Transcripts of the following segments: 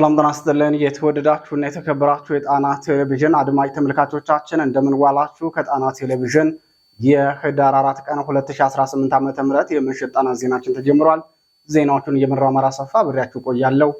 ሰላም ጤና ይስጥልን። የተወደዳችሁና የተከበራችሁ የጣና ቴሌቪዥን አድማጭ ተመልካቾቻችን እንደምንዋላችሁ። ከጣና ቴሌቪዥን የህዳር አራት ቀን 2018 ዓ ም የምሽት ጣና ዜናችን ተጀምሯል። ዜናዎቹን እየመራው አማራ ሰፋ ብሬያችሁ ቆያለሁ።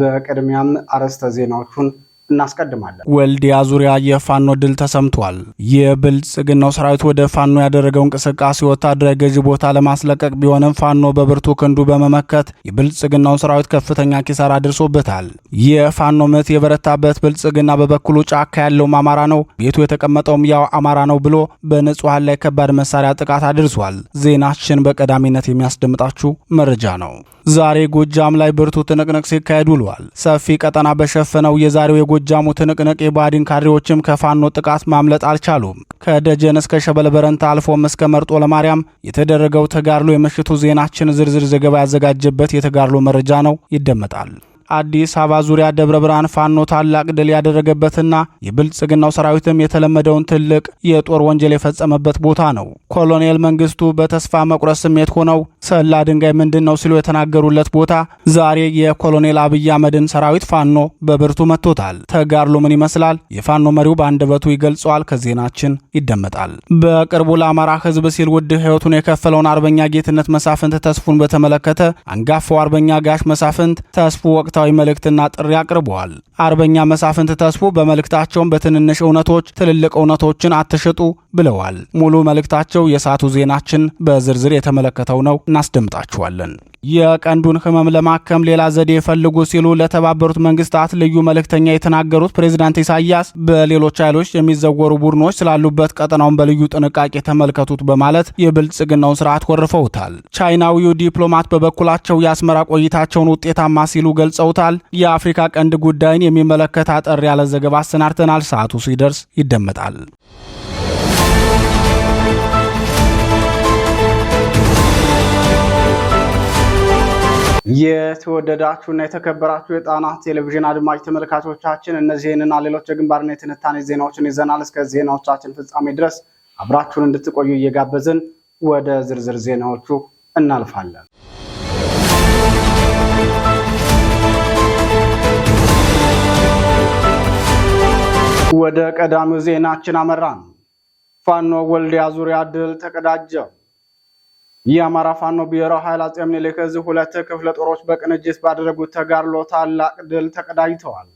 በቅድሚያም አርዕስተ ዜናዎቹን እናስቀድማለን። ወልዲያ ዙሪያ የፋኖ ድል ተሰምቷል። የብልጽግናው ሰራዊት ወደ ፋኖ ያደረገው እንቅስቃሴ ወታደራዊ ገዢ ቦታ ለማስለቀቅ ቢሆንም ፋኖ በብርቱ ክንዱ በመመከት የብልጽግናውን ሰራዊት ከፍተኛ ኪሳራ አድርሶበታል። የፋኖ ምት የበረታበት ብልጽግና በበኩሉ ጫካ ያለውም አማራ ነው፣ ቤቱ የተቀመጠውም ያው አማራ ነው ብሎ በንጹሐን ላይ ከባድ መሳሪያ ጥቃት አድርሷል። ዜናችን በቀዳሚነት የሚያስደምጣችሁ መረጃ ነው። ዛሬ ጎጃም ላይ ብርቱ ትንቅንቅ ሲካሄድ ውሏል። ሰፊ ቀጠና በሸፈነው የዛሬው የጎጃሙ ትንቅንቅ የባዲን ካድሬዎችም ከፋኖ ጥቃት ማምለጥ አልቻሉም። ከደጀን እስከ ሸበል በረንታ አልፎም እስከ መርጦ ለማርያም የተደረገው ተጋድሎ የምሽቱ ዜናችን ዝርዝር ዘገባ ያዘጋጀበት የተጋድሎ መረጃ ነው፣ ይደመጣል። አዲስ አበባ ዙሪያ ደብረ ብርሃን ፋኖ ታላቅ ድል ያደረገበትና የብልጽግናው ሰራዊትም የተለመደውን ትልቅ የጦር ወንጀል የፈጸመበት ቦታ ነው። ኮሎኔል መንግስቱ በተስፋ መቁረጥ ስሜት ሆነው ሰላ ድንጋይ ምንድን ነው ሲሉ የተናገሩለት ቦታ ዛሬ የኮሎኔል አብይ አህመድን ሰራዊት ፋኖ በብርቱ መጥቶታል። ተጋድሎ ምን ይመስላል? የፋኖ መሪው በአንደበቱ ይገልጸዋል። ከዜናችን ይደመጣል። በቅርቡ ለአማራ ህዝብ ሲል ውድ ህይወቱን የከፈለውን አርበኛ ጌትነት መሳፍንት ተስፉን በተመለከተ አንጋፋው አርበኛ ጋሽ መሳፍንት ተስፉ ወቅት መልእክታዊ መልእክትና ጥሪ አቅርበዋል። አርበኛ መሳፍንት ተስፉ በመልእክታቸውም በትንንሽ እውነቶች ትልልቅ እውነቶችን አትሽጡ ብለዋል። ሙሉ መልእክታቸው የሰዓቱ ዜናችን በዝርዝር የተመለከተው ነው። እናስደምጣችኋለን። የቀንዱን ህመም ለማከም ሌላ ዘዴ የፈልጉ ሲሉ ለተባበሩት መንግስታት ልዩ መልእክተኛ የተናገሩት ፕሬዚዳንት ኢሳያስ በሌሎች ኃይሎች የሚዘወሩ ቡድኖች ስላሉበት ቀጠናውን በልዩ ጥንቃቄ ተመልከቱት በማለት የብልጽግናውን ስርዓት ወርፈውታል። ቻይናዊው ዲፕሎማት በበኩላቸው የአስመራ ቆይታቸውን ውጤታማ ሲሉ ገልጸውታል። የአፍሪካ ቀንድ ጉዳይን የሚመለከት አጠር ያለ ዘገባ አሰናድተናል። ሰዓቱ ሲደርስ ይደመጣል። እና የተከበራችሁ የጣና ቴሌቪዥን አድማጭ ተመልካቾቻችን እነዚህንና ሌሎች የግንባርና የትንታኔ ዜናዎችን ይዘናል። እስከ ዜናዎቻችን ፍጻሜ ድረስ አብራችሁን እንድትቆዩ እየጋበዝን ወደ ዝርዝር ዜናዎቹ እናልፋለን። ወደ ቀዳሚው ዜናችን አመራን። ፋኖ ወልዲያ ዙሪያ ድል ተቀዳጀው። አማራ ፋኖ ብሔራዊ ኃይል አጼ ምኒልክ ዕዝ ሁለት ክፍለ ጦሮች በቅንጅት ባደረጉት ተጋድሎ ታላቅ ድል ተቀዳጅተዋል።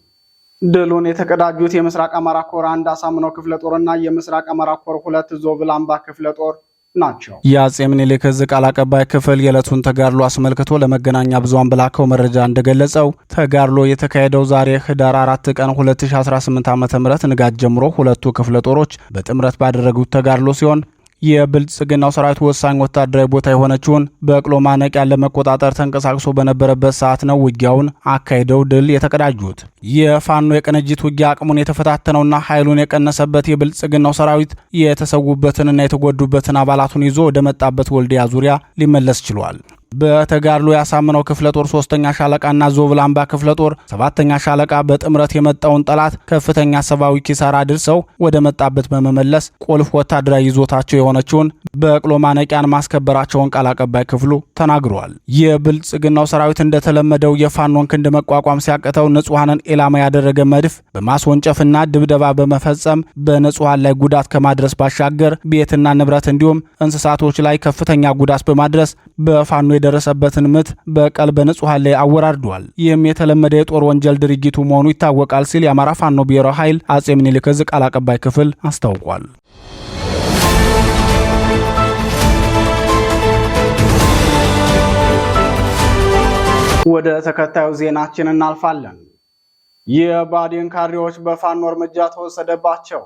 ድሉን የተቀዳጁት የምስራቅ አማራ ኮር አንድ አሳምነው ክፍለ ጦር እና የምስራቅ አማራ ኮር ሁለት አምባ ክፍለ ጦር ናቸው። የአጼ ምኒልክ ዕዝ ቃል አቀባይ ክፍል የዕለቱን ተጋድሎ አስመልክቶ ለመገናኛ ብዙሃን በላከው መረጃ እንደገለጸው ተጋድሎ የተካሄደው ዛሬ ህዳር 4 ቀን 2018 ዓ ም ንጋት ጀምሮ ሁለቱ ክፍለ ጦሮች በጥምረት ባደረጉት ተጋድሎ ሲሆን የብልጽግናው ሰራዊት ወሳኝ ወታደራዊ ቦታ የሆነችውን በቅሎ ማነቂያን ለመቆጣጠር ተንቀሳቅሶ በነበረበት ሰዓት ነው ውጊያውን አካሂደው ድል የተቀዳጁት። የፋኖ የቅንጅት ውጊያ አቅሙን የተፈታተነውና ኃይሉን የቀነሰበት የብልጽግናው ሰራዊት የተሰዉበትንና የተጎዱበትን አባላቱን ይዞ ወደ መጣበት ወልዲያ ዙሪያ ሊመለስ ችሏል። በተጋድሎ ያሳምነው ክፍለ ጦር ሶስተኛ ሻለቃና ዞብላምባ ክፍለ ጦር ሰባተኛ ሻለቃ በጥምረት የመጣውን ጠላት ከፍተኛ ሰብአዊ ኪሳራ አድርሰው ወደ መጣበት በመመለስ ቁልፍ ወታደራዊ ይዞታቸው የሆነችውን በቅሎ ማነቂያን ማስከበራቸውን ቃል አቀባይ ክፍሉ ተናግረዋል። የብልጽግናው ሰራዊት እንደተለመደው የፋኖን ክንድ መቋቋም ሲያቅተው ንጹሐንን ኢላማ ያደረገ መድፍ በማስወንጨፍና ድብደባ በመፈጸም በንጹሐን ላይ ጉዳት ከማድረስ ባሻገር ቤትና ንብረት እንዲሁም እንስሳቶች ላይ ከፍተኛ ጉዳት በማድረስ በፋኖ የደረሰበትን ምት በቀል ንጹሐን ላይ አወራርዷል። ይህም የተለመደ የጦር ወንጀል ድርጊቱ መሆኑ ይታወቃል ሲል የአማራ ፋኖ ብሔራዊ ኃይል አጼ ምኒልክ ዕዝ ቃል አቀባይ ክፍል አስታውቋል። ወደ ተከታዩ ዜናችን እናልፋለን። የባዴን ካድሬዎች በፋኖ እርምጃ ተወሰደባቸው።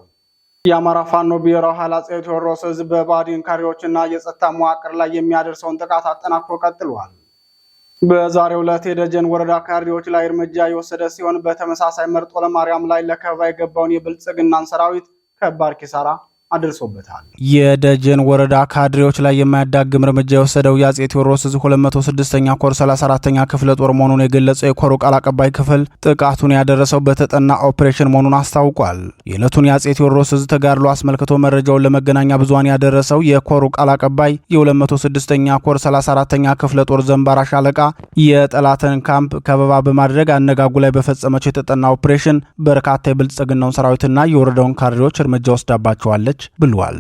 የአማራ ፋኖ ብሔራዊ ኃይል አፄ ቴዎድሮስ ህዝብ በባዲን ካሪዎችና የጸጥታ መዋቅር ላይ የሚያደርሰውን ጥቃት አጠናክሮ ቀጥሏል። በዛሬው ዕለት የደጀን ወረዳ ካሪዎች ላይ እርምጃ የወሰደ ሲሆን በተመሳሳይ መርጦ ለማርያም ላይ ለከበባ የገባውን የብልጽግናን ሰራዊት ከባድ ኪሳራ አድርሶበታል። የደጀን ወረዳ ካድሬዎች ላይ የማያዳግም እርምጃ የወሰደው የአጼ ቴዎድሮስ እዝ 206ኛ ኮር 34ኛ ክፍለ ጦር መሆኑን የገለጸው የኮሩ ቃል አቀባይ ክፍል ጥቃቱን ያደረሰው በተጠና ኦፕሬሽን መሆኑን አስታውቋል። የዕለቱን የአጼ ቴዎድሮስ እዝ ተጋድሎ አስመልክቶ መረጃውን ለመገናኛ ብዙን ያደረሰው የኮሩ ቃል አቀባይ የ206ኛ ኮር 34ኛ ክፍለ ጦር ዘንባራ ሻለቃ የጠላትን ካምፕ ከበባ በማድረግ አነጋጉ ላይ በፈጸመችው የተጠና ኦፕሬሽን በርካታ የብልጽግናውን ሰራዊትና የወረዳውን ካድሬዎች እርምጃ ወስዳባቸዋለች ትችላለች ብሏል።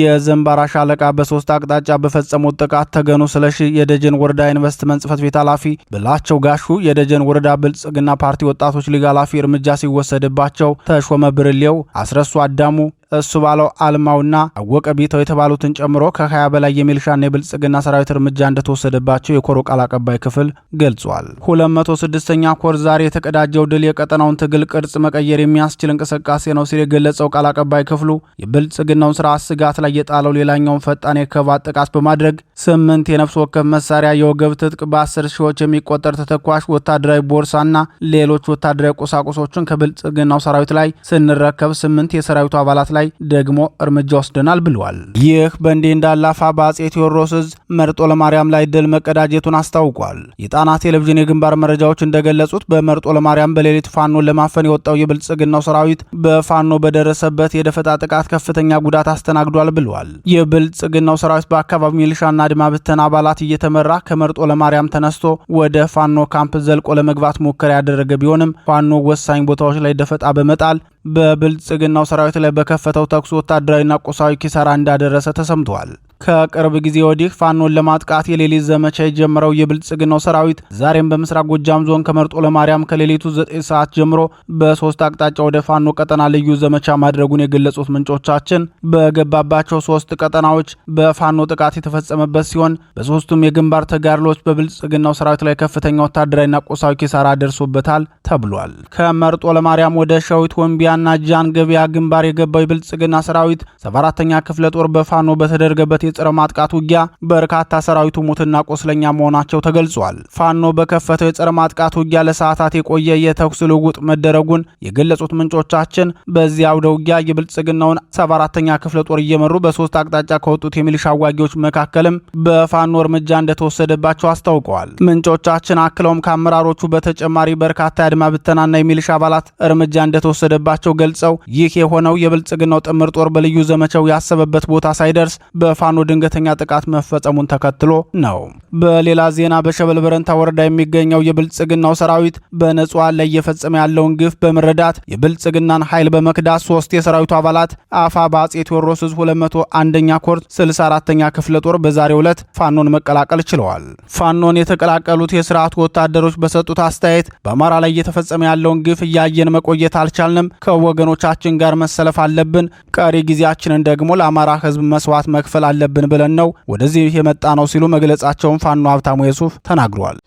የዘንባራ ሻለቃ በሶስት አቅጣጫ በፈጸሙት ጥቃት ተገኑ ስለሺ የደጀን ወረዳ ኢንቨስትመንት ጽፈት ቤት ኃላፊ፣ ብላቸው ጋሹ የደጀን ወረዳ ብልጽግና ፓርቲ ወጣቶች ሊግ ኃላፊ እርምጃ ሲወሰድባቸው፣ ተሾመ ብርሌው፣ አስረሱ አዳሙ፣ እሱ ባለው አልማውና አወቀ ቢተው የተባሉትን ጨምሮ ከ20 በላይ የሚልሻና የብልጽግና ሰራዊት እርምጃ እንደተወሰደባቸው የኮሮ ቃል አቀባይ ክፍል ገልጿል። 206ኛ ኮር ዛሬ የተቀዳጀው ድል የቀጠናውን ትግል ቅርጽ መቀየር የሚያስችል እንቅስቃሴ ነው ሲል የገለጸው ቃል አቀባይ ክፍሉ የብልጽግናውን ስርዓት ስጋት ላይ የጣለው ሌላኛውን ፈጣን የከባድ ጥቃት በማድረግ ስምንት የነፍስ ወከፍ መሳሪያ፣ የወገብ ትጥቅ፣ በአስር ሺዎች የሚቆጠር ተተኳሽ፣ ወታደራዊ ቦርሳና ሌሎች ወታደራዊ ቁሳቁሶችን ከብልጽግናው ሰራዊት ላይ ስንረከብ ስምንት የሰራዊቱ አባላት ላይ ደግሞ እርምጃ ወስደናል ብለዋል። ይህ በእንዲህ እንዳለ አፋ በአጼ ቴዎድሮስ እዝ መርጦ ለማርያም ላይ ድል መቀዳጀቱን አስታውቋል። የጣና ቴሌቪዥን የግንባር መረጃዎች እንደገለጹት በመርጦ ለማርያም በሌሊት ፋኖን ለማፈን የወጣው የብልጽግናው ሰራዊት በፋኖ በደረሰበት የደፈጣ ጥቃት ከፍተኛ ጉዳት አስተናግዷል ብለዋል። የብልጽግናው ሰራዊት በአካባቢው ሚሊሻና ድማ ብተን አባላት እየተመራ ከመርጦ ለማርያም ተነስቶ ወደ ፋኖ ካምፕ ዘልቆ ለመግባት ሙከራ ያደረገ ቢሆንም ፋኖ ወሳኝ ቦታዎች ላይ ደፈጣ በመጣል በብልጽግናው ሰራዊት ላይ በከፈተው ተኩስ ወታደራዊና ቁሳዊ ኪሳራ እንዳደረሰ ተሰምተዋል። ከቅርብ ጊዜ ወዲህ ፋኖን ለማጥቃት የሌሊት ዘመቻ የጀመረው የብልጽግናው ሰራዊት ዛሬም በምስራቅ ጎጃም ዞን ከመርጦ ለማርያም ከሌሊቱ ዘጠኝ ሰዓት ጀምሮ በሶስት አቅጣጫ ወደ ፋኖ ቀጠና ልዩ ዘመቻ ማድረጉን የገለጹት ምንጮቻችን በገባባቸው ሶስት ቀጠናዎች በፋኖ ጥቃት የተፈጸመበት ሲሆን በሶስቱም የግንባር ተጋድሎች በብልጽግናው ሰራዊት ላይ ከፍተኛ ወታደራዊና ቁሳዊ ኪሳራ ደርሶበታል ተብሏል። ከመርጦ ለማርያም ወደ ሸዊት ወንቢያና ጃን ገበያ ግንባር የገባው የብልጽግና ሰራዊት ሰባ አራተኛ ክፍለ ጦር በፋኖ በተደረገበት የጸረ ማጥቃት ውጊያ በርካታ ሰራዊቱ ሞትና ቆስለኛ መሆናቸው ተገልጿል። ፋኖ በከፈተው የጸረ ማጥቃት ውጊያ ለሰዓታት የቆየ የተኩስ ልውውጥ መደረጉን የገለጹት ምንጮቻችን በዚህ አውደ ውጊያ የብልጽግናውን 74ተኛ ክፍለ ጦር እየመሩ በሶስት አቅጣጫ ከወጡት የሚሊሻ አዋጊዎች መካከልም በፋኖ እርምጃ እንደተወሰደባቸው አስታውቀዋል። ምንጮቻችን አክለውም ከአመራሮቹ በተጨማሪ በርካታ የአድማ ብተናና የሚሊሻ አባላት እርምጃ እንደተወሰደባቸው ገልጸው ይህ የሆነው የብልጽግናው ጥምር ጦር በልዩ ዘመቻው ያሰበበት ቦታ ሳይደርስ በፋኖ ፋኖ ድንገተኛ ጥቃት መፈጸሙን ተከትሎ ነው። በሌላ ዜና በሸበል በረንታ ወረዳ የሚገኘው የብልጽግናው ሰራዊት በንጹሃን ላይ እየፈጸመ ያለውን ግፍ በመረዳት የብልጽግናን ኃይል በመክዳት ሶስት የሰራዊቱ አባላት አፋ በአጼ ቴዎድሮስ ዝ 201ኛ ኮር 64ኛ ክፍለ ጦር በዛሬው ዕለት ፋኖን መቀላቀል ችለዋል። ፋኖን የተቀላቀሉት የስርዓቱ ወታደሮች በሰጡት አስተያየት በአማራ ላይ እየተፈጸመ ያለውን ግፍ እያየን መቆየት አልቻልንም። ከወገኖቻችን ጋር መሰለፍ አለብን። ቀሪ ጊዜያችንን ደግሞ ለአማራ ህዝብ መስዋዕት መክፈል አለብን አለብን ብለን ነው ወደዚህ የመጣ ነው ሲሉ መግለጻቸውን ፋኖ ሀብታሙ የሱፍ ተናግሯል።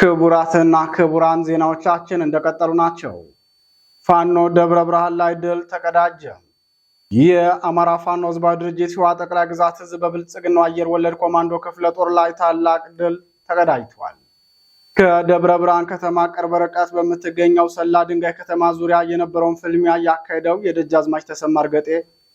ክቡራትና ክቡራን ዜናዎቻችን እንደቀጠሉ ናቸው። ፋኖ ደብረ ብርሃን ላይ ድል ተቀዳጀ። የአማራ ፋኖ ህዝባዊ ድርጅት ሸዋ ጠቅላይ ግዛት ህዝብ በብልጽግናው አየር ወለድ ኮማንዶ ክፍለ ጦር ላይ ታላቅ ድል ተቀዳጅቷል። ከደብረ ብርሃን ከተማ ቅርብ ርቀት በምትገኘው ሰላ ድንጋይ ከተማ ዙሪያ የነበረውን ፍልሚያ ያካሄደው የደጃዝማች ተሰማ እርገጤ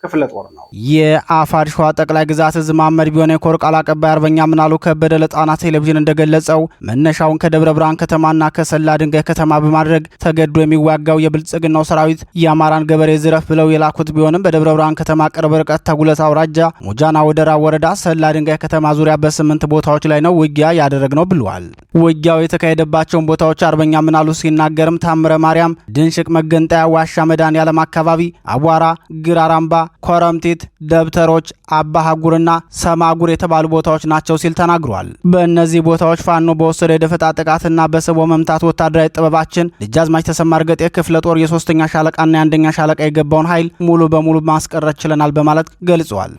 ክፍለ ጦር ነው። የአፋድ ሸዋ ጠቅላይ ግዛት እዝ መሐመድ ቢሆነ ቃል አቀባይ አርበኛ ምናሉ ከበደ ለጣና ቴሌቪዥን እንደገለጸው መነሻውን ከደብረ ብርሃን ከተማና ከሰላ ድንጋይ ከተማ በማድረግ ተገዶ የሚዋጋው የብልጽግናው ሰራዊት የአማራን ገበሬ ዝረፍ ብለው የላኩት ቢሆንም በደብረ ብርሃን ከተማ ቅርብ ርቀት ተጉለት አውራጃ ሙጃና ወደራ ወረዳ ሰላ ድንጋይ ከተማ ዙሪያ በስምንት ቦታዎች ላይ ነው ውጊያ ያደረግነው ብለዋል። ውጊያው የተካሄደባቸውን ቦታዎች አርበኛ ምናሉ ሲናገርም ታምረ ማርያም፣ ድንሽቅ መገንጠያ፣ ዋሻ መድኃኔ ያለም አካባቢ፣ አቧራ፣ ግራራምባ ኮረምቲት ደብተሮች፣ አባሃጉርና ሰማጉር የተባሉ ቦታዎች ናቸው ሲል ተናግሯል። በእነዚህ ቦታዎች ፋኖ በወሰደ የደፈጣ ጥቃትና በስቦ መምታት ወታደራዊ ጥበባችን ልጃዝማች ተሰማ እርገጤ ክፍለ ጦር የሶስተኛ ሻለቃና የአንደኛ ሻለቃ የገባውን ኃይል ሙሉ በሙሉ ማስቀረት ችለናል በማለት ገልጿል።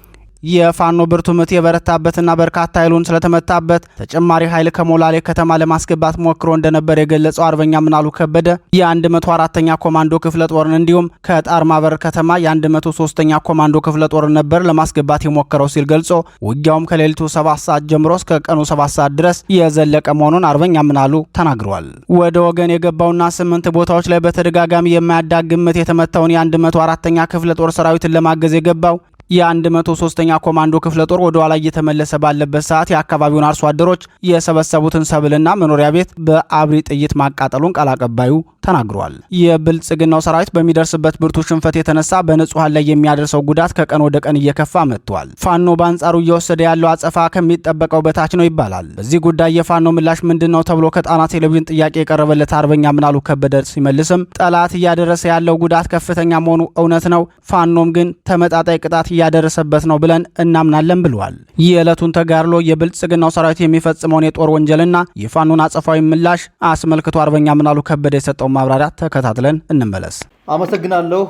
የፋኖ ብርቱ ምት የበረታበትና በርካታ ኃይሉን ስለተመታበት ተጨማሪ ኃይል ከሞላሌ ከተማ ለማስገባት ሞክሮ እንደነበር የገለጸው አርበኛ ምናሉ ከበደ የ104ኛ ኮማንዶ ክፍለ ጦርን እንዲሁም ከጣርማበር ከተማ የ103ኛ ኮማንዶ ክፍለ ጦርን ነበር ለማስገባት የሞከረው ሲል ገልጾ ውጊያውም ከሌሊቱ 7 ሰዓት ጀምሮ እስከ ቀኑ 7 ሰዓት ድረስ የዘለቀ መሆኑን አርበኛ ምናሉ ተናግሯል። ወደ ወገን የገባውና ስምንት ቦታዎች ላይ በተደጋጋሚ የማያዳግም ምት የተመታውን የ104ኛ ክፍለ ጦር ሰራዊትን ለማገዝ የገባው የ103ኛ ኮማንዶ ክፍለ ጦር ወደ ኋላ እየተመለሰ ባለበት ሰዓት የአካባቢውን አርሶ አደሮች የሰበሰቡትን ሰብልና መኖሪያ ቤት በአብሪ ጥይት ማቃጠሉን ቃል አቀባዩ ተናግሯል። የብልጽግናው ሰራዊት በሚደርስበት ብርቱ ሽንፈት የተነሳ በንጹሐን ላይ የሚያደርሰው ጉዳት ከቀን ወደ ቀን እየከፋ መጥቷል። ፋኖ በአንጻሩ እየወሰደ ያለው አጸፋ ከሚጠበቀው በታች ነው ይባላል። በዚህ ጉዳይ የፋኖ ምላሽ ምንድን ነው ተብሎ ከጣና ቴሌቪዥን ጥያቄ የቀረበለት አርበኛ ምናሉ ከበደ ሲመልስም ጠላት እያደረሰ ያለው ጉዳት ከፍተኛ መሆኑ እውነት ነው። ፋኖም ግን ተመጣጣይ ቅጣት እያደረሰበት ነው ብለን እናምናለን ብለዋል። ይህ የዕለቱን ተጋድሎ የብልጽግናው ሰራዊት የሚፈጽመውን የጦር ወንጀልና የፋኖን አጸፋዊ ምላሽ አስመልክቶ አርበኛ ምናሉ ከበደ የሰጠው ማብራሪያ ተከታትለን እንመለስ። አመሰግናለሁ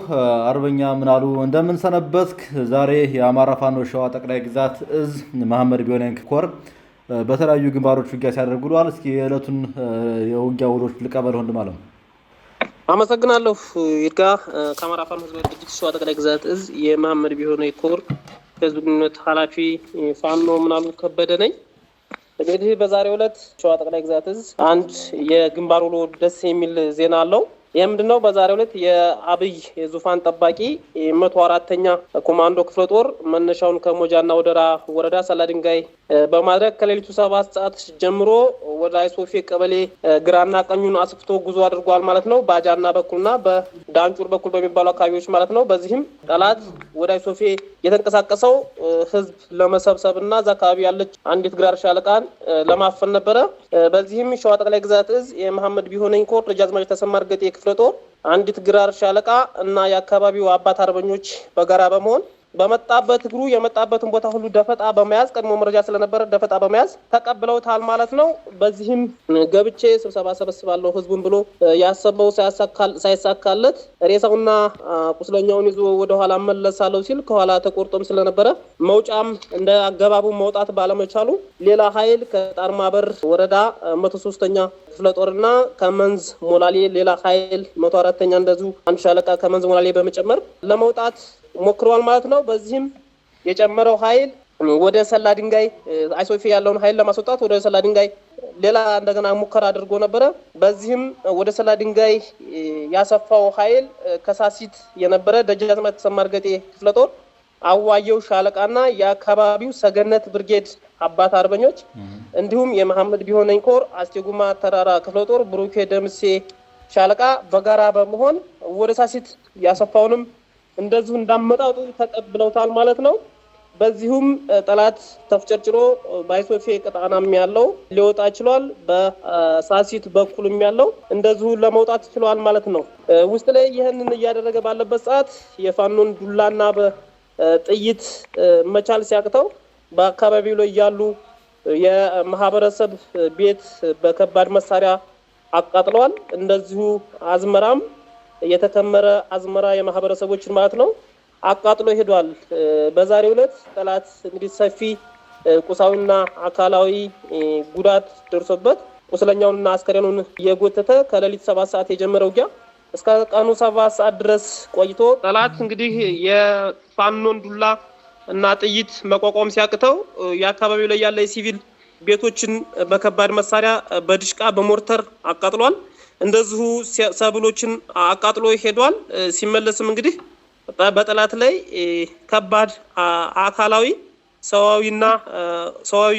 አርበኛ ምናሉ፣ እንደምንሰነበትክ። ዛሬ የአማራ ፋኖ ሸዋ ጠቅላይ ግዛት እዝ መሐመድ ቢሆነን ኮር በተለያዩ ግንባሮች ውጊያ ሲያደርጉ ውለዋል። እስኪ የዕለቱን የውጊያ ውሎች ልቀበል ሆንድ ማለት ነው አመሰግናለሁ ይድጋ ከአማራ ፋኖ ህዝብ ድርጅት ሸዋ ጠቅላይ ግዛት እዝ የመሐመድ ቢሆነ የኮር ህዝብ ግንኙነት ኃላፊ ፋኖ ምናሉ ከበደ ነኝ። እንግዲህ በዛሬው ዕለት ሸዋ ጠቅላይ ግዛት እዝ አንድ የግንባር ውሎ ደስ የሚል ዜና አለው። ይህ ነው? በዛሬው ዕለት የአብይ የዙፋን ጠባቂ መቶ አራተኛ ኮማንዶ ክፍለ ጦር መነሻውን ከሞጃና ወደራ ወረዳ ሰላ ድንጋይ በማድረግ ከሌሊቱ ሰባት ሰዓት ጀምሮ ወደ አይሶፌ ቀበሌ ግራና ቀኙን አስፍቶ ጉዞ አድርጓል ማለት ነው። በአጃና በኩልና በዳንጩር በኩል በሚባሉ አካባቢዎች ማለት ነው። በዚህም ጠላት ወደ አይሶፌ የተንቀሳቀሰው ህዝብ ለመሰብሰብ ለመሰብሰብና እዛ አካባቢ ያለች አንዲት ግራር ሻለቃን ለማፈን ነበረ። በዚህም ሸዋ ጠቅላይ ግዛት እዝ የመሐመድ ቢሆነኝ ኮር ደጃዝማች ተሰማ እርገጤ ክፍለ ጦር አንዲት ግራር ሻለቃ እና የአካባቢው አባት አርበኞች በጋራ በመሆን በመጣበት እግሩ የመጣበትን ቦታ ሁሉ ደፈጣ በመያዝ ቀድሞ መረጃ ስለነበረ ደፈጣ በመያዝ ተቀብለውታል ማለት ነው። በዚህም ገብቼ ስብሰባ ሰበስባለሁ ህዝቡን ብሎ ያሰበው ሳይሳካለት ሬሳውና ቁስለኛውን ይዞ ወደኋላ መለሳለሁ ሲል ከኋላ ተቆርጦም ስለነበረ መውጫም እንደ አገባቡ መውጣት ባለመቻሉ ሌላ ኃይል ከጣር ማበር ወረዳ መቶ ሶስተኛ ክፍለ ጦርና ከመንዝ ሞላሌ ሌላ ኃይል መቶ አራተኛ እንደዚሁ አንድ ሻለቃ ከመንዝ ሞላሌ በመጨመር ለመውጣት ሞክረዋል ማለት ነው። በዚህም የጨመረው ኃይል ወደ ሰላ ድንጋይ አይሶፊ ያለውን ኃይል ለማስወጣት ወደ ሰላ ድንጋይ ሌላ እንደገና ሙከራ አድርጎ ነበረ። በዚህም ወደ ሰላ ድንጋይ ያሰፋው ኃይል ከሳሲት የነበረ ደጃዝማች ተሰማ እርገጤ ክፍለ ጦር አዋየው ሻለቃና የአካባቢው ሰገነት ብርጌድ አባት አርበኞች እንዲሁም የመሐመድ ቢሆነኝ ኮር አስቴጉማ ተራራ ክፍለ ጦር ብሩኬ ደምሴ ሻለቃ በጋራ በመሆን ወደ ሳሲት ያሰፋውንም እንደዚሁ እንዳመጣጡ ተቀብለውታል ማለት ነው። በዚሁም ጠላት ተፍጨርጭሮ ባይሶፌ ቀጣናም ያለው ሊወጣ ችሏል። በሳሲት በኩልም ያለው እንደዚሁ ለመውጣት ችሏል ማለት ነው። ውስጥ ላይ ይህንን እያደረገ ባለበት ሰዓት የፋኖን ዱላና በጥይት መቻል ሲያቅተው በአካባቢው ላይ ያሉ የማህበረሰብ ቤት በከባድ መሳሪያ አቃጥለዋል። እንደዚሁ አዝመራም የተከመረ አዝመራ የማህበረሰቦችን ማለት ነው አቃጥሎ ሄዷል። በዛሬው ዕለት ጠላት እንግዲህ ሰፊ ቁሳዊና አካላዊ ጉዳት ደርሶበት ቁስለኛውንና አስከሬኑን እየጎተተ ከሌሊት ሰባት ሰዓት የጀመረ ውጊያ እስከ ቀኑ ሰባት ሰዓት ድረስ ቆይቶ ጠላት እንግዲህ የፋኖን ዱላ እና ጥይት መቋቋም ሲያቅተው የአካባቢው ላይ ያለ የሲቪል ቤቶችን በከባድ መሳሪያ በድሽቃ በሞርተር አቃጥሏል። እንደዚሁ ሰብሎችን አቃጥሎ ሄዷል። ሲመለስም እንግዲህ በጠላት ላይ ከባድ አካላዊ ሰዋዊና ሰዋዊ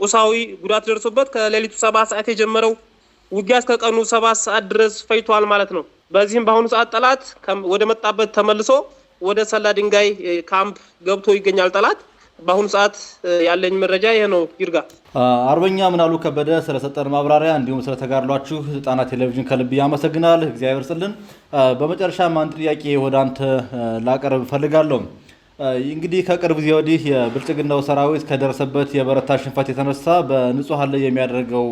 ቁሳዊ ጉዳት ደርሶበት ከሌሊቱ ሰባት ሰዓት የጀመረው ውጊያ እስከ ቀኑ ሰባት ሰዓት ድረስ ፈይቷል ማለት ነው። በዚህም በአሁኑ ሰዓት ጠላት ወደ መጣበት ተመልሶ ወደ ሰላ ድንጋይ ካምፕ ገብቶ ይገኛል ጠላት። በአሁኑ ሰዓት ያለኝ መረጃ ይህ ነው። ይርጋ አርበኛ ምናሉ ከበደ ስለሰጠን ማብራሪያ እንዲሁም ስለተጋድሏችሁ ጣና ቴሌቪዥን ከልብ ያመሰግናል። እግዚአብሔር ስልን። በመጨረሻም አንድ ጥያቄ ወደ አንተ ላቀርብ እፈልጋለሁ። እንግዲህ ከቅርብ ጊዜ ወዲህ የብልጽግናው ሰራዊት ከደረሰበት የበረታ ሽንፈት የተነሳ በንጹሐን ላይ የሚያደርገው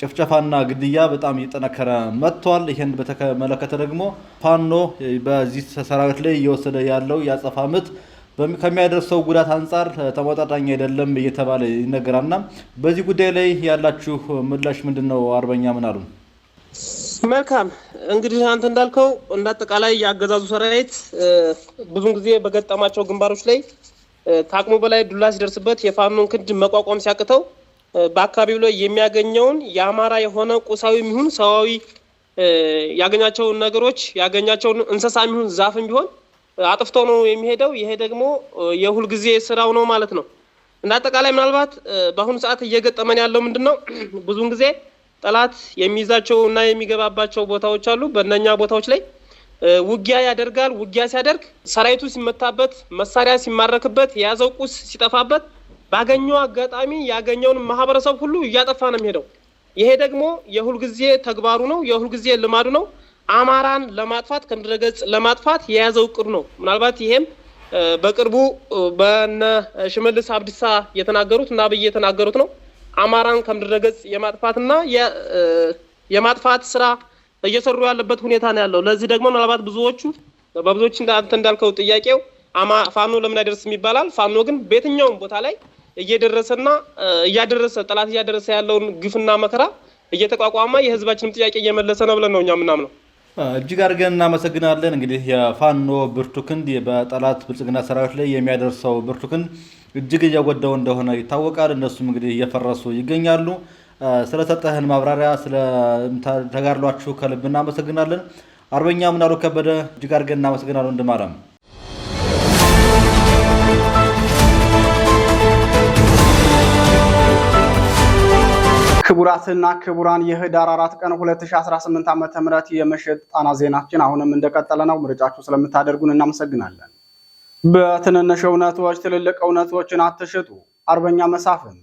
ጭፍጨፋና ግድያ በጣም እየጠነከረ መጥቷል። ይህን በተመለከተ ደግሞ ፋኖ በዚህ ሰራዊት ላይ እየወሰደ ያለው የአጸፋ ምት ከሚያደርሰው ጉዳት አንጻር ተመጣጣኝ አይደለም እየተባለ ይነገራልና በዚህ ጉዳይ ላይ ያላችሁ ምላሽ ምንድን ነው? አርበኛ ምን አሉ? መልካም እንግዲህ አንተ እንዳልከው እንደ አጠቃላይ የአገዛዙ ሰራዊት ብዙን ጊዜ በገጠማቸው ግንባሮች ላይ ከአቅሙ በላይ ዱላ ሲደርስበት የፋኖን ክንድ መቋቋም ሲያቅተው በአካባቢው ላይ የሚያገኘውን የአማራ የሆነ ቁሳዊ የሚሆን ሰዋዊ ያገኛቸውን ነገሮች ያገኛቸውን እንስሳ የሚሆን ዛፍም ቢሆን አጥፍቶ ነው የሚሄደው። ይሄ ደግሞ የሁልጊዜ ስራው ነው ማለት ነው። እንደ አጠቃላይ ምናልባት በአሁኑ ሰዓት እየገጠመን ያለው ምንድን ነው? ብዙውን ጊዜ ጠላት የሚይዛቸው እና የሚገባባቸው ቦታዎች አሉ። በእነኛ ቦታዎች ላይ ውጊያ ያደርጋል። ውጊያ ሲያደርግ ሰራዊቱ ሲመታበት፣ መሳሪያ ሲማረክበት፣ የያዘው ቁስ ሲጠፋበት፣ ባገኘው አጋጣሚ ያገኘውን ማህበረሰብ ሁሉ እያጠፋ ነው የሚሄደው። ይሄ ደግሞ የሁልጊዜ ተግባሩ ነው፣ የሁልጊዜ ልማዱ ነው። አማራን ለማጥፋት ገጽ ለማጥፋት የያዘው እቅዱ ነው። ምናልባት ይሄም በቅርቡ በነ ሽመልስ አብዲሳ የተናገሩት እና አብይ የተናገሩት ነው። አማራን ከምድረገጽ የማጥፋትና የማጥፋት ስራ እየሰሩ ያለበት ሁኔታ ነው ያለው። ለዚህ ደግሞ ምናልባት ብዙዎቹ በብዙዎች አንተ እንዳልከው ጥያቄው ፋኖ ለምን አይደርስም ይባላል። ፋኖ ግን በየትኛውም ቦታ ላይ እየደረሰና እያደረሰ ጠላት እያደረሰ ያለውን ግፍና መከራ እየተቋቋመ የህዝባችንም ጥያቄ እየመለሰ ነው ብለን ነው እኛ ምናምነው። እጅግ አድርገን እናመሰግናለን። እንግዲህ የፋኖ ብርቱ ክንድ በጠላት ብልጽግና ሰራዊት ላይ የሚያደርሰው ብርቱ ክንድ እጅግ እየጎዳው እንደሆነ ይታወቃል። እነሱም እንግዲህ እየፈረሱ ይገኛሉ። ስለሰጠህን ማብራሪያ ስለተጋድሏችሁ ከልብ እናመሰግናለን። አርበኛ ምናሉ ከበደ እጅግ አድርገን እናመሰግናለን። ወንድም ክቡራትና ክቡራን የህዳር አራት ቀን 2018 ዓ ም የምሽት ጣና ዜናችን አሁንም እንደቀጠለ ነው። ምርጫችሁ ስለምታደርጉን እናመሰግናለን። በትንንሽ እውነቶች ትልልቅ እውነቶችን አትሽጡ። አርበኛ መሳፍንት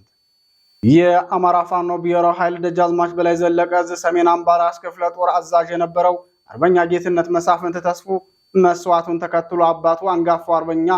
የአማራ ፋኖ ብሔራዊ ኃይል ደጃዝማች በላይ ዘለቀ እዝ ሰሜን አምባራስ ክፍለ ጦር አዛዥ የነበረው አርበኛ ጌትነት መሳፍንት ተስፉ መስዋዕቱን ተከትሎ አባቱ አንጋፋ አርበኛ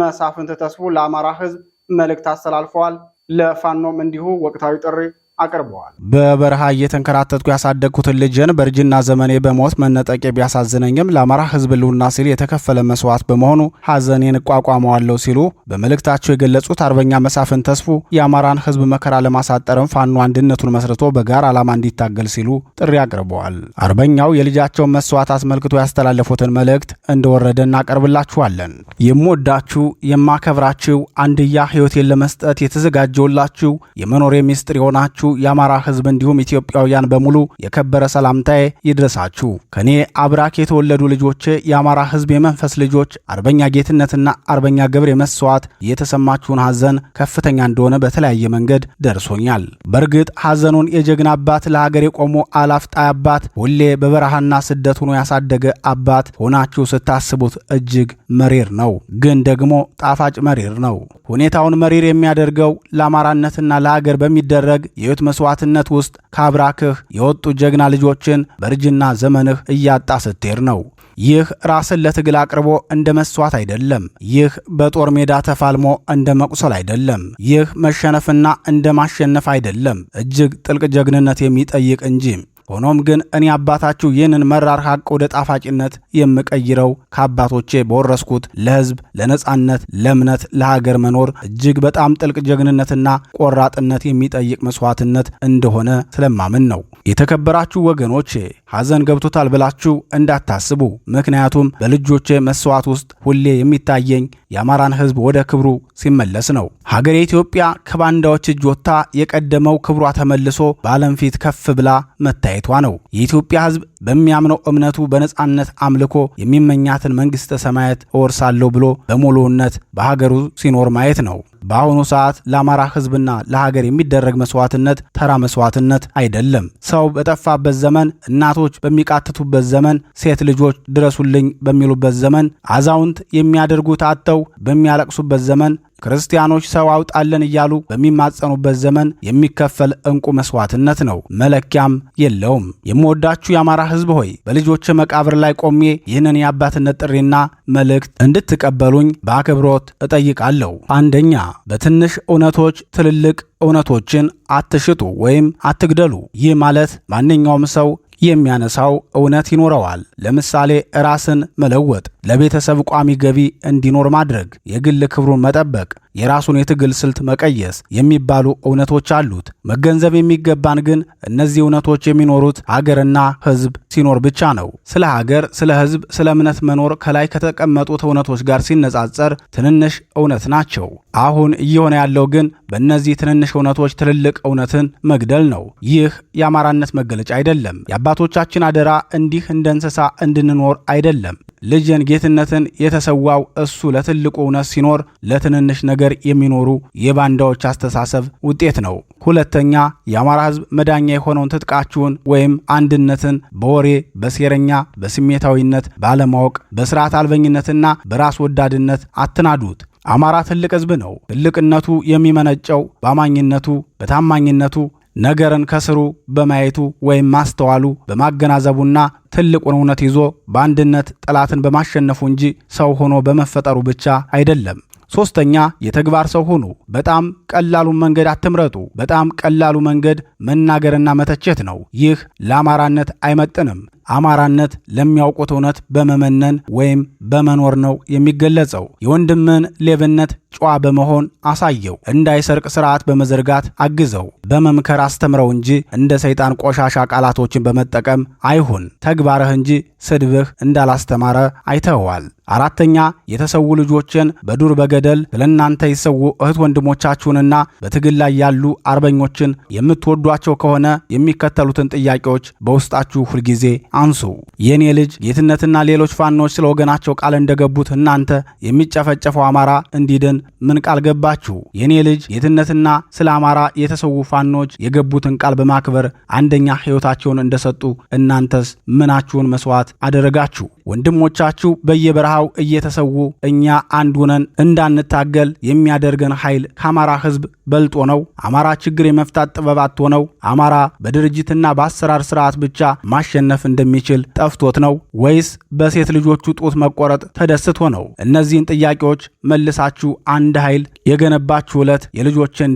መሳፍንት ተስፉ ለአማራ ህዝብ መልእክት አስተላልፈዋል። ለፋኖም እንዲሁ ወቅታዊ ጥሪ አቅርበዋል። በበረሃ እየተንከራተትኩ ያሳደግኩትን ልጄን በእርጅና ዘመኔ በሞት መነጠቄ ቢያሳዝነኝም ለአማራ ሕዝብ ልውና ሲል የተከፈለ መስዋዕት በመሆኑ ሐዘኔን እቋቋመዋለሁ ሲሉ በመልእክታቸው የገለጹት አርበኛ መሳፍን ተስፉ የአማራን ሕዝብ መከራ ለማሳጠርም ፋኖ አንድነቱን መስርቶ በጋራ ዓላማ እንዲታገል ሲሉ ጥሪ አቅርበዋል። አርበኛው የልጃቸውን መስዋዕት አስመልክቶ ያስተላለፉትን መልእክት እንደወረደ እናቀርብላችኋለን። የምወዳችሁ የማከብራችሁ አንድያ ሕይወቴን ለመስጠት የተዘጋጀውላችሁ የመኖሬ ሚስጥር የሆናችሁ የአማራ ህዝብ እንዲሁም ኢትዮጵያውያን በሙሉ የከበረ ሰላምታዬ ይድረሳችሁ። ከኔ አብራክ የተወለዱ ልጆቼ የአማራ ህዝብ የመንፈስ ልጆች አርበኛ ጌትነትና አርበኛ ገብሬ መስዋዕት የተሰማችሁን ሐዘን ከፍተኛ እንደሆነ በተለያየ መንገድ ደርሶኛል። በእርግጥ ሐዘኑን የጀግና አባት ለሀገር የቆሙ አላፍጣይ አባት ሁሌ በበረሃና ስደት ሆኖ ያሳደገ አባት ሆናችሁ ስታስቡት እጅግ መሪር ነው። ግን ደግሞ ጣፋጭ መሪር ነው። ሁኔታውን መሪር የሚያደርገው ለአማራነትና ለሀገር በሚደረግ የ የህይወት መስዋዕትነት ውስጥ ካብራክህ የወጡ ጀግና ልጆችን በእርጅና ዘመንህ እያጣ ስትሄድ ነው። ይህ ራስን ለትግል አቅርቦ እንደ መስዋዕት አይደለም። ይህ በጦር ሜዳ ተፋልሞ እንደ መቁሰል አይደለም። ይህ መሸነፍና እንደ ማሸነፍ አይደለም። እጅግ ጥልቅ ጀግንነት የሚጠይቅ እንጂ ሆኖም ግን እኔ አባታችሁ ይህንን መራር ሀቅ ወደ ጣፋጭነት የምቀይረው ከአባቶቼ በወረስኩት ለህዝብ፣ ለነጻነት፣ ለእምነት፣ ለሀገር መኖር እጅግ በጣም ጥልቅ ጀግንነትና ቆራጥነት የሚጠይቅ መስዋዕትነት እንደሆነ ስለማምን ነው። የተከበራችሁ ወገኖቼ ሐዘን ገብቶታል ብላችሁ እንዳታስቡ። ምክንያቱም በልጆቼ መስዋዕት ውስጥ ሁሌ የሚታየኝ የአማራን ህዝብ ወደ ክብሩ ሲመለስ ነው። ሀገር ኢትዮጵያ ከባንዳዎች እጅ ወጥታ የቀደመው ክብሯ ተመልሶ በዓለም ፊት ከፍ ብላ መታየት አስተያየቷ ነው። የኢትዮጵያ ሕዝብ በሚያምነው እምነቱ በነጻነት አምልኮ የሚመኛትን መንግሥተ ሰማያት እወርሳለሁ ብሎ በሙሉነት በሀገሩ ሲኖር ማየት ነው። በአሁኑ ሰዓት ለአማራ ህዝብና ለሀገር የሚደረግ መስዋዕትነት ተራ መስዋዕትነት አይደለም። ሰው በጠፋበት ዘመን፣ እናቶች በሚቃትቱበት ዘመን፣ ሴት ልጆች ድረሱልኝ በሚሉበት ዘመን፣ አዛውንት የሚያደርጉት አጥተው በሚያለቅሱበት ዘመን ክርስቲያኖች ሰው አውጣለን እያሉ በሚማጸኑበት ዘመን የሚከፈል እንቁ መስዋዕትነት ነው። መለኪያም የለውም። የምወዳችሁ የአማራ ህዝብ ሆይ በልጆች መቃብር ላይ ቆሜ ይህንን የአባትነት ጥሪና መልእክት እንድትቀበሉኝ በአክብሮት እጠይቃለሁ። አንደኛ በትንሽ እውነቶች ትልልቅ እውነቶችን አትሽጡ ወይም አትግደሉ። ይህ ማለት ማንኛውም ሰው የሚያነሳው እውነት ይኖረዋል። ለምሳሌ ራስን መለወጥ፣ ለቤተሰብ ቋሚ ገቢ እንዲኖር ማድረግ፣ የግል ክብሩን መጠበቅ የራሱን የትግል ስልት መቀየስ የሚባሉ እውነቶች አሉት። መገንዘብ የሚገባን ግን እነዚህ እውነቶች የሚኖሩት አገርና ሕዝብ ሲኖር ብቻ ነው። ስለ ሀገር፣ ስለ ሕዝብ፣ ስለ እምነት መኖር ከላይ ከተቀመጡት እውነቶች ጋር ሲነጻጸር ትንንሽ እውነት ናቸው። አሁን እየሆነ ያለው ግን በእነዚህ ትንንሽ እውነቶች ትልልቅ እውነትን መግደል ነው። ይህ የአማራነት መገለጫ አይደለም። የአባቶቻችን አደራ እንዲህ እንደ እንስሳ እንድንኖር አይደለም። ልጅን ጌትነትን የተሰዋው እሱ ለትልቁ እውነት ሲኖር ለትንንሽ ነገር የሚኖሩ የባንዳዎች አስተሳሰብ ውጤት ነው። ሁለተኛ የአማራ ሕዝብ መዳኛ የሆነውን ትጥቃችሁን ወይም አንድነትን በወሬ በሴረኛ በስሜታዊነት ባለማወቅ በስርዓት አልበኝነትና በራስ ወዳድነት አትናዱት። አማራ ትልቅ ህዝብ ነው። ትልቅነቱ የሚመነጨው በአማኝነቱ፣ በታማኝነቱ፣ ነገርን ከስሩ በማየቱ ወይም ማስተዋሉ፣ በማገናዘቡና ትልቁን እውነት ይዞ በአንድነት ጠላትን በማሸነፉ እንጂ ሰው ሆኖ በመፈጠሩ ብቻ አይደለም። ሶስተኛ የተግባር ሰው ሁኑ። በጣም ቀላሉን መንገድ አትምረጡ። በጣም ቀላሉ መንገድ መናገርና መተቸት ነው። ይህ ለአማራነት አይመጥንም። አማራነት ለሚያውቁት እውነት በመመነን ወይም በመኖር ነው የሚገለጸው። የወንድምን ሌብነት ጨዋ በመሆን አሳየው። እንዳይሰርቅ ስርዓት በመዘርጋት አግዘው። በመምከር አስተምረው እንጂ እንደ ሰይጣን ቆሻሻ ቃላቶችን በመጠቀም አይሁን። ተግባርህ እንጂ ስድብህ እንዳላስተማረ አይተዋል። አራተኛ የተሰዉ ልጆችን በዱር በገደል ለእናንተ የሰዉ እህት ወንድሞቻችሁንና በትግል ላይ ያሉ አርበኞችን የምትወዷቸው ከሆነ የሚከተሉትን ጥያቄዎች በውስጣችሁ ሁልጊዜ አንሱ። የኔ ልጅ ጌትነትና ሌሎች ፋኖች ስለ ወገናቸው ቃል እንደገቡት እናንተ የሚጨፈጨፈው አማራ እንዲድን ምን ቃል ገባችሁ? የኔ ልጅ ጌትነትና ስለ አማራ የተሰዉ ፋኖች የገቡትን ቃል በማክበር አንደኛ ሕይወታቸውን እንደሰጡ እናንተስ ምናችሁን መስዋዕት አደረጋችሁ? ወንድሞቻችሁ በየበረሃው እየተሰዉ እኛ አንድ ሆነን እንዳንታገል የሚያደርገን ኃይል ከአማራ ሕዝብ በልጦ ነው። አማራ ችግር የመፍታት ጥበብ አጥቶ ነው። አማራ በድርጅትና በአሰራር ስርዓት ብቻ ማሸነፍ እንደሚችል ጠፍቶት ነው ወይስ በሴት ልጆቹ ጡት መቆረጥ ተደስቶ ነው? እነዚህን ጥያቄዎች መልሳችሁ አንድ ኃይል የገነባችሁ ዕለት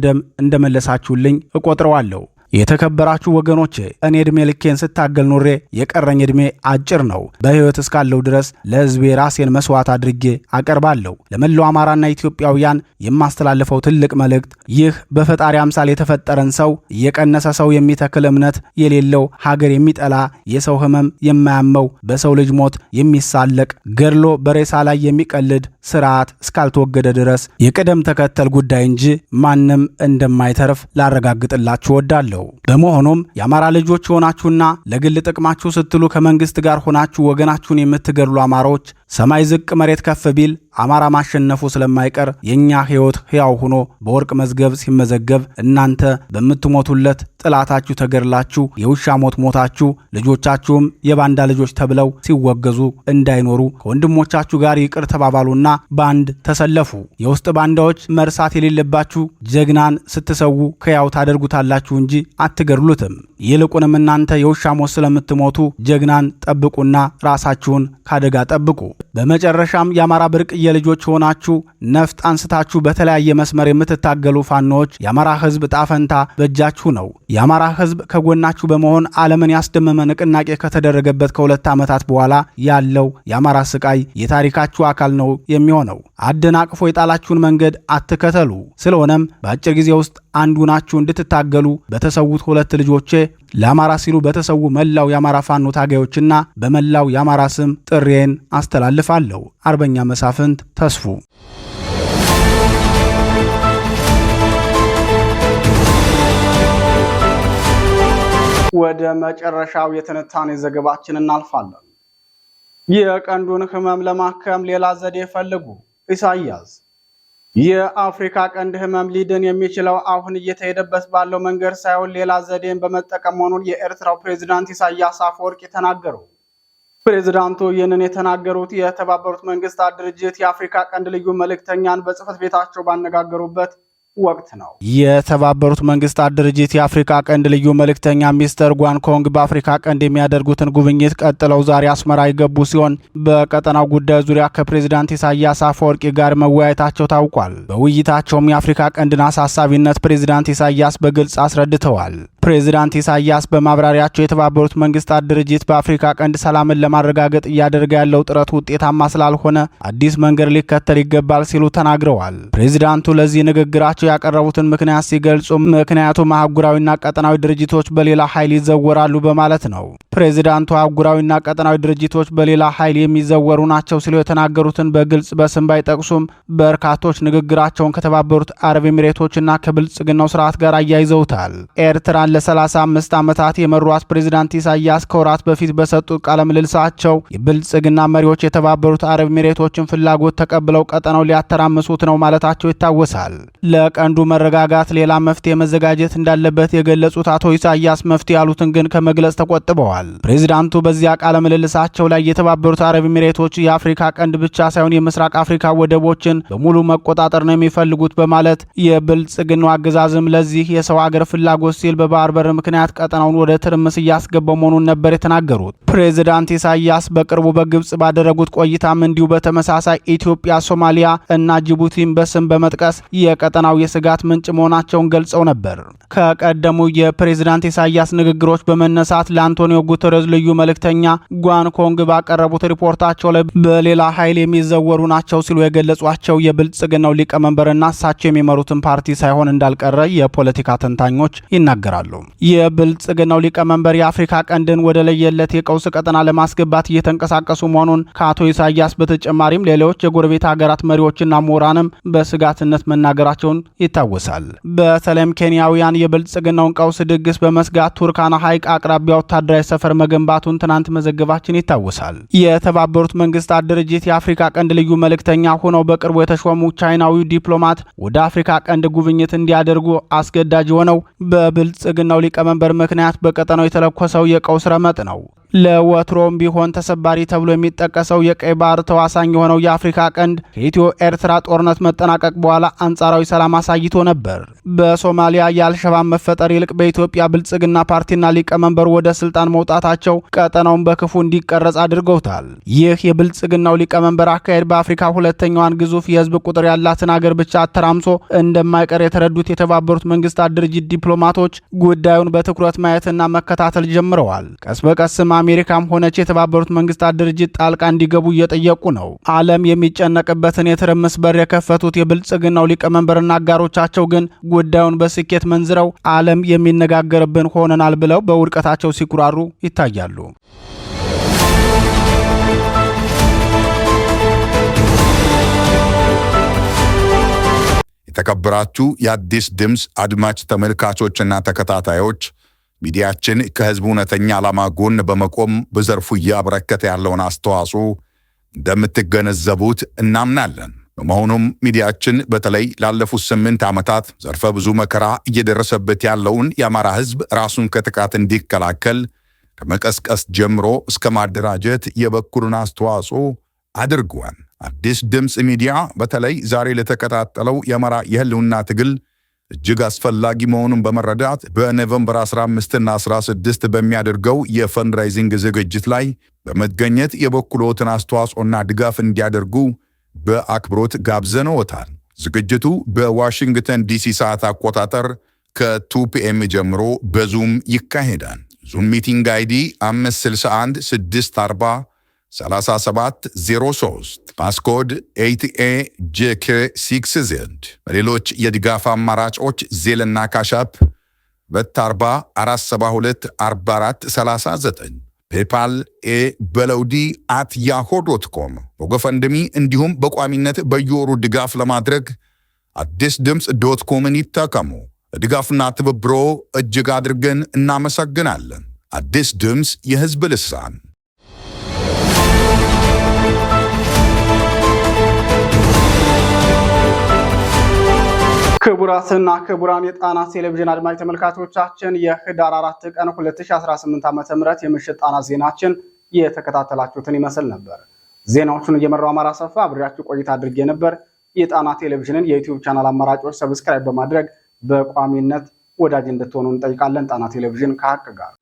ደም እንደመለሳችሁልኝ እቆጥረዋለሁ። የተከበራችሁ ወገኖቼ እኔ ዕድሜ ልኬን ስታገል ኑሬ የቀረኝ ዕድሜ አጭር ነው። በሕይወት እስካለው ድረስ ለሕዝቤ ራሴን መስዋዕት አድርጌ አቀርባለሁ። ለመላው አማራና ኢትዮጵያውያን የማስተላልፈው ትልቅ መልእክት ይህ በፈጣሪ አምሳል የተፈጠረን ሰው እየቀነሰ ሰው የሚተክል እምነት የሌለው ሀገር የሚጠላ የሰው ህመም የማያመው በሰው ልጅ ሞት የሚሳለቅ ገድሎ በሬሳ ላይ የሚቀልድ ስርዓት እስካልተወገደ ድረስ የቅደም ተከተል ጉዳይ እንጂ ማንም እንደማይተርፍ ላረጋግጥላችሁ እወዳለሁ። ናቸው። በመሆኑም የአማራ ልጆች የሆናችሁና ለግል ጥቅማችሁ ስትሉ ከመንግስት ጋር ሆናችሁ ወገናችሁን የምትገድሉ አማራዎች ሰማይ ዝቅ መሬት ከፍ ቢል አማራ ማሸነፉ ስለማይቀር የእኛ ሕይወት ሕያው ሆኖ በወርቅ መዝገብ ሲመዘገብ እናንተ በምትሞቱለት ጥላታችሁ ተገድላችሁ የውሻ ሞት ሞታችሁ ልጆቻችሁም የባንዳ ልጆች ተብለው ሲወገዙ እንዳይኖሩ ከወንድሞቻችሁ ጋር ይቅር ተባባሉና ባንድ ተሰለፉ። የውስጥ ባንዳዎች መርሳት የሌለባችሁ ጀግናን ስትሰዉ ሕያው ታደርጉታላችሁ እንጂ አትገድሉትም። ይልቁንም እናንተ የውሻ ሞት ስለምትሞቱ ጀግናን ጠብቁና ራሳችሁን ካደጋ ጠብቁ። በመጨረሻም የአማራ ብርቅዬ ልጆች የሆናችሁ ነፍጥ አንስታችሁ በተለያየ መስመር የምትታገሉ ፋኖዎች የአማራ ሕዝብ ጣፈንታ በእጃችሁ ነው። የአማራ ሕዝብ ከጎናችሁ በመሆን ዓለምን ያስደመመ ንቅናቄ ከተደረገበት ከሁለት ዓመታት በኋላ ያለው የአማራ ስቃይ የታሪካችሁ አካል ነው የሚሆነው። አደናቅፎ የጣላችሁን መንገድ አትከተሉ። ስለሆነም በአጭር ጊዜ ውስጥ አንዱ ናችሁ እንድትታገሉ በተሰዉት ሁለት ልጆቼ ለአማራ ሲሉ በተሰዉ መላው የአማራ ፋኖ ታጋዮችና በመላው የአማራ ስም ጥሬን አስተላልፋለሁ። አርበኛ መሳፍንት ተስፉ ወደ መጨረሻው የትንታኔ ዘገባችን እናልፋለን። የቀንዱን ህመም ለማከም ሌላ ዘዴ ፈልጉ። ኢሳያስ የአፍሪካ ቀንድ ህመም ሊድን የሚችለው አሁን እየተሄደበት ባለው መንገድ ሳይሆን ሌላ ዘዴን በመጠቀም መሆኑን የኤርትራው ፕሬዚዳንት ኢሳያስ አፈወርቅ ተናገሩ። ፕሬዚዳንቱ ይህንን የተናገሩት የተባበሩት መንግስታት ድርጅት የአፍሪካ ቀንድ ልዩ መልእክተኛን በጽህፈት ቤታቸው ባነጋገሩበት ወቅት ነው። የተባበሩት መንግስታት ድርጅት የአፍሪካ ቀንድ ልዩ መልእክተኛ ሚስተር ጓንኮንግ በአፍሪካ ቀንድ የሚያደርጉትን ጉብኝት ቀጥለው ዛሬ አስመራ የገቡ ሲሆን በቀጠናው ጉዳይ ዙሪያ ከፕሬዚዳንት ኢሳያስ አፈወርቂ ጋር መወያየታቸው ታውቋል። በውይይታቸውም የአፍሪካ ቀንድን አሳሳቢነት ፕሬዚዳንት ኢሳያስ በግልጽ አስረድተዋል። ፕሬዚዳንት ኢሳያስ በማብራሪያቸው የተባበሩት መንግስታት ድርጅት በአፍሪካ ቀንድ ሰላምን ለማረጋገጥ እያደረገ ያለው ጥረት ውጤታማ ስላልሆነ አዲስ መንገድ ሊከተል ይገባል ሲሉ ተናግረዋል። ፕሬዚዳንቱ ለዚህ ንግግራቸው ራሳቸው ያቀረቡትን ምክንያት ሲገልጹ ምክንያቱም አህጉራዊና ቀጠናዊ ድርጅቶች በሌላ ኃይል ይዘወራሉ በማለት ነው። ፕሬዚዳንቱ አህጉራዊና ቀጠናዊ ድርጅቶች በሌላ ኃይል የሚዘወሩ ናቸው ሲሉ የተናገሩትን በግልጽ በስም ባይጠቅሱም በርካቶች ንግግራቸውን ከተባበሩት አረብ ኤሚሬቶችና ከብልጽግናው ስርዓት ጋር አያይዘውታል። ኤርትራን ለ35 ዓመታት የመሯት ፕሬዚዳንት ኢሳያስ ከወራት በፊት በሰጡት ቃለ ምልልሳቸው የብልጽግና መሪዎች የተባበሩት አረብ ኤሚሬቶችን ፍላጎት ተቀብለው ቀጠናው ሊያተራምሱት ነው ማለታቸው ይታወሳል። ለቀንዱ መረጋጋት ሌላ መፍትሄ መዘጋጀት እንዳለበት የገለጹት አቶ ኢሳያስ መፍትሄ ያሉትን ግን ከመግለጽ ተቆጥበዋል። ፕሬዚዳንቱ በዚያ ቃለ ምልልሳቸው ላይ የተባበሩት አረብ ኤሚሬቶች የአፍሪካ ቀንድ ብቻ ሳይሆን የምስራቅ አፍሪካ ወደቦችን በሙሉ መቆጣጠር ነው የሚፈልጉት በማለት የብልጽግናው አገዛዝም ለዚህ የሰው አገር ፍላጎት ሲል በባህር በር ምክንያት ቀጠናውን ወደ ትርምስ እያስገባው መሆኑን ነበር የተናገሩት። ፕሬዚዳንት ኢሳያስ በቅርቡ በግብጽ ባደረጉት ቆይታም እንዲሁ በተመሳሳይ ኢትዮጵያ፣ ሶማሊያ እና ጅቡቲን በስም በመጥቀስ የቀጠናው የስጋት ምንጭ መሆናቸውን ገልጸው ነበር። ከቀደሙ የፕሬዝዳንት ኢሳያስ ንግግሮች በመነሳት ለአንቶኒዮ ጉተረዝ ልዩ መልእክተኛ ጓን ኮንግ ባቀረቡት ሪፖርታቸው ላይ በሌላ ኃይል የሚዘወሩ ናቸው ሲሉ የገለጿቸው የብልጽግናው ሊቀመንበርና እሳቸው የሚመሩትን ፓርቲ ሳይሆን እንዳልቀረ የፖለቲካ ተንታኞች ይናገራሉ። የብልጽግናው ሊቀመንበር የአፍሪካ ቀንድን ወደ ለየለት የቀውስ ቀጠና ለማስገባት እየተንቀሳቀሱ መሆኑን ከአቶ ኢሳያስ በተጨማሪም ሌሎች የጎረቤት ሀገራት መሪዎችና ምሁራንም በስጋትነት መናገራቸውን ይታወሳል። በተለይም ኬንያውያን የብልጽግናውን ቀውስ ድግስ በመስጋት ቱርካና ሐይቅ አቅራቢያ ወታደራዊ ሰፈር መገንባቱን ትናንት መዘገባችን ይታወሳል። የተባበሩት መንግስታት ድርጅት የአፍሪካ ቀንድ ልዩ መልእክተኛ ሆነው በቅርቡ የተሾሙ ቻይናዊ ዲፕሎማት ወደ አፍሪካ ቀንድ ጉብኝት እንዲያደርጉ አስገዳጅ የሆነው በብልጽግናው ሊቀመንበር ምክንያት በቀጠናው የተለኮሰው የቀውስ ረመጥ ነው። ለወትሮም ቢሆን ተሰባሪ ተብሎ የሚጠቀሰው የቀይ ባህር ተዋሳኝ የሆነው የአፍሪካ ቀንድ ከኢትዮ ኤርትራ ጦርነት መጠናቀቅ በኋላ አንጻራዊ ሰላም አሳይቶ ነበር። በሶማሊያ የአልሸባብ መፈጠር ይልቅ በኢትዮጵያ ብልጽግና ፓርቲና ሊቀመንበሩ ወደ ስልጣን መውጣታቸው ቀጠናውን በክፉ እንዲቀረጽ አድርገውታል። ይህ የብልጽግናው ሊቀመንበር አካሄድ በአፍሪካ ሁለተኛዋን ግዙፍ የህዝብ ቁጥር ያላትን አገር ብቻ አተራምሶ እንደማይቀር የተረዱት የተባበሩት መንግስታት ድርጅት ዲፕሎማቶች ጉዳዩን በትኩረት ማየትና መከታተል ጀምረዋል። ቀስ በቀስማ አሜሪካም ሆነች የተባበሩት መንግስታት ድርጅት ጣልቃ እንዲገቡ እየጠየቁ ነው። ዓለም የሚጨነቅበትን የትርምስ በር የከፈቱት የብልጽግናው ሊቀመንበርና አጋሮቻቸው ግን ጉዳዩን በስኬት መንዝረው ዓለም የሚነጋገርብን ሆነናል ብለው በውድቀታቸው ሲኩራሩ ይታያሉ። የተከበራችሁ የአዲስ ድምፅ አድማጭ ተመልካቾችና ተከታታዮች ሚዲያችን ከህዝቡ እውነተኛ ዓላማ ጎን በመቆም በዘርፉ እያበረከተ ያለውን አስተዋጽኦ እንደምትገነዘቡት እናምናለን። በመሆኑም ሚዲያችን በተለይ ላለፉት ስምንት ዓመታት ዘርፈ ብዙ መከራ እየደረሰበት ያለውን የአማራ ህዝብ ራሱን ከጥቃት እንዲከላከል ከመቀስቀስ ጀምሮ እስከ ማደራጀት የበኩሉን አስተዋጽኦ አድርጓል። አዲስ ድምፅ ሚዲያ በተለይ ዛሬ ለተቀጣጠለው የአማራ የህልውና ትግል እጅግ አስፈላጊ መሆኑን በመረዳት በኖቨምበር 15ና 16 በሚያደርገው የፈንድራይዚንግ ዝግጅት ላይ በመገኘት የበኩሎትን አስተዋጽኦና ድጋፍ እንዲያደርጉ በአክብሮት ጋብዘነዎታል። ዝግጅቱ በዋሽንግተን ዲሲ ሰዓት አቆጣጠር ከ2 ፒኤም ጀምሮ በዙም ይካሄዳል። ዙም ሚቲንግ አይዲ 561 640 3703 ፓስኮድ ኤቲኤ ጄኬ ሲክስ ዜድ በሌሎች የድጋፍ አማራጮች ዜልና ካሻፕ በት 40 472 44 39 ፔፓል ኤ በለውዲ አት ያሆ ዶት ኮም በጎፈንድሚ እንዲሁም በቋሚነት በየወሩ ድጋፍ ለማድረግ አዲስ ድምፅ ዶት ኮምን ይጠቀሙ። ድጋፍና ትብብሮ እጅግ አድርገን እናመሰግናለን። አዲስ ድምፅ የህዝብ ልሳን ክቡራትና ክቡራን የጣና ቴሌቪዥን አድማጭ ተመልካቾቻችን የህዳር አራት ቀን 2018 ዓ ም የምሽት ጣና ዜናችን የተከታተላችሁትን ይመስል ነበር። ዜናዎቹን እየመራው አማራ ሰፋ አብሬያችሁ ቆይታ አድርጌ ነበር። የጣና ቴሌቪዥንን የዩቲዩብ ቻናል አማራጮች ሰብስክራይብ በማድረግ በቋሚነት ወዳጅ እንድትሆኑ እንጠይቃለን። ጣና ቴሌቪዥን ከሀቅ ጋር